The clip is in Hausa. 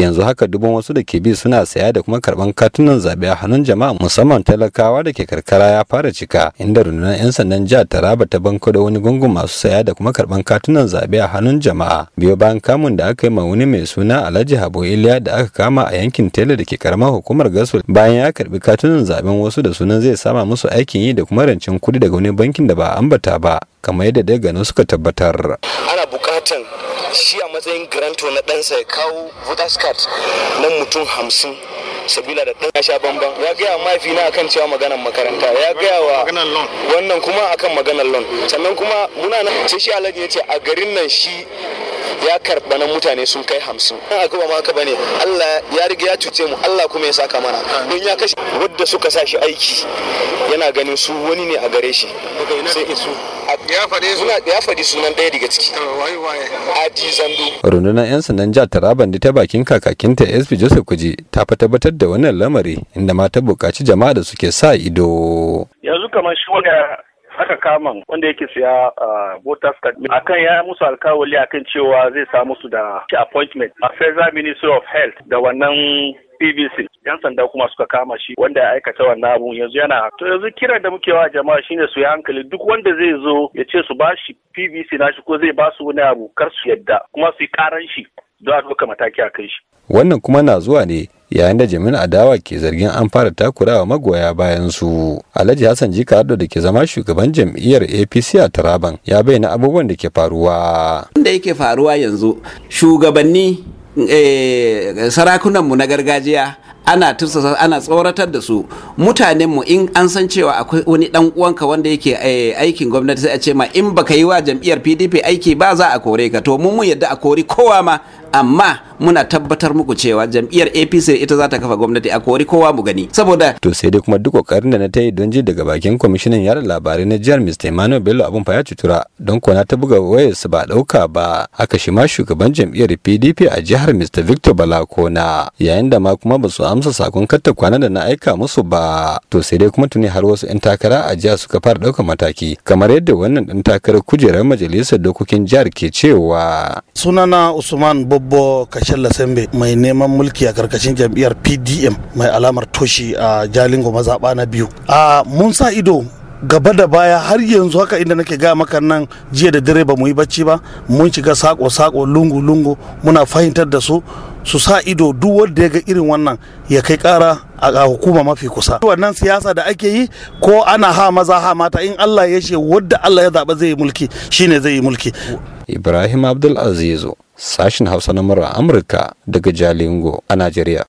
yanzu haka dubban wasu da ke bi suna saya da kuma karban katunan zaɓe a hannun jama'a musamman talakawa da ke karkara ya fara cika inda rundunar 'yan sandan jihar taraba ta banko da wani gungun masu saya da kuma karban katunan zaɓe a hannun jama'a biyo bayan kamun da aka yi ma wani mai suna alhaji habo iliya da aka kama a yankin tela da ke karamar hukumar gasul bayan ya karbi katunan zaɓen wasu da sunan zai sama musu aikin yi da kuma rancen kuɗi daga wani bankin da ba a ambata ba kamar yadda daga suka tabbatar ana bukatan shi a matsayin granto na ɗansa ya kawo voters card na mutum hamsin sabila da ɗan sha bamban ya gaya wa mahaifi na akan cewa maganar makaranta ya gaya wa wannan kuma akan maganar lon sannan kuma muna nan ce shi alhaji ya ce a garin nan shi ya karɓa nan mutane sun kai hamsin in aka ba haka bane Allah ya riga ya cuce mu Allah kuma ya saka mana don ya kashe wadda suka sa shi aiki yana ganin su wani ne a gare shi ya faɗi sunan ɗaya daga ciki Aji zandu rundunar 'yan sandan jihar taraban da ta bakin kakakinta sp joseph kuji ta fa tabbatar da wannan lamari inda ma ta buƙaci jama'a da suke sa ido yanzu kamar shi wanda aka kama wanda yake siya voters card akan ya musu alkawali akan cewa zai sa musu da appointment a federal ministry of health da wannan PVC yan sanda kuma suka kama shi wanda ya aikata wannan abun yanzu yana to yanzu kiran da muke wa jama'a shine su yi hankali duk wanda zai zo ya ce su ba shi PVC nashi ko zai ba su wani abu kar su yadda kuma su yi karan shi don a dauka mataki a kai shi wannan kuma na zuwa ne yayin da jami'in adawa ke zargin an fara takurawa magoya bayan su alhaji hassan jika hado da ke zama shugaban jam'iyyar apc a taraban ya bayyana abubuwan da ke faruwa da yake faruwa yanzu shugabanni eh, sarakunanmu na gargajiya ana tursasa ana tsoratar da su mutanen mu in an san cewa akwai wani dan uwanka wanda yake eh, aikin gwamnati sai a ce ma in baka yi wa jam'iyyar PDP aiki ba za a kore ka to mun mun yadda a kori kowa ma amma muna tabbatar muku cewa jam'iyyar apc ita za ta kafa gwamnati a kori kowa mu gani saboda to sai dai kuma duk kokarin da na ta yi don ji daga bakin kwamishinan yada labarai na jihar mr emmanuel bello abun fa ya cutura don kona ta buga su ba dauka ba haka shi ma shugaban jam'iyyar pdp a jihar mr victor balakona yayin da ma kuma ba su amsa sakon katta kwana da na aika musu ba to sai dai kuma tuni har wasu 'yan takara a jiya suka fara ɗaukar mataki kamar yadda wannan ɗan takarar kujerar majalisar dokokin jihar ke cewa sunana usman bob abbo kashalla sembe mai neman mulki a karkashin jam'iyyar pdm mai alamar toshi a jalingo mazaɓa na biyu a mun sa ido gaba da baya har yanzu haka inda nake ga maka nan jiya da dare ba mu yi bacci ba mun shiga sako-sako lungu-lungu muna fahimtar da su su sa ido duk wanda ya ga irin wannan ya kai kara a hukuma mafi kusa wannan siyasa da ake yi ko ana ha maza ha mata in Allah ya ce wadda Allah ya zaba zai yi mulki shine zai yi mulki Ibrahim Abdul Azizu Sashen Hausa na Amurka daga Jalingo a Najeriya.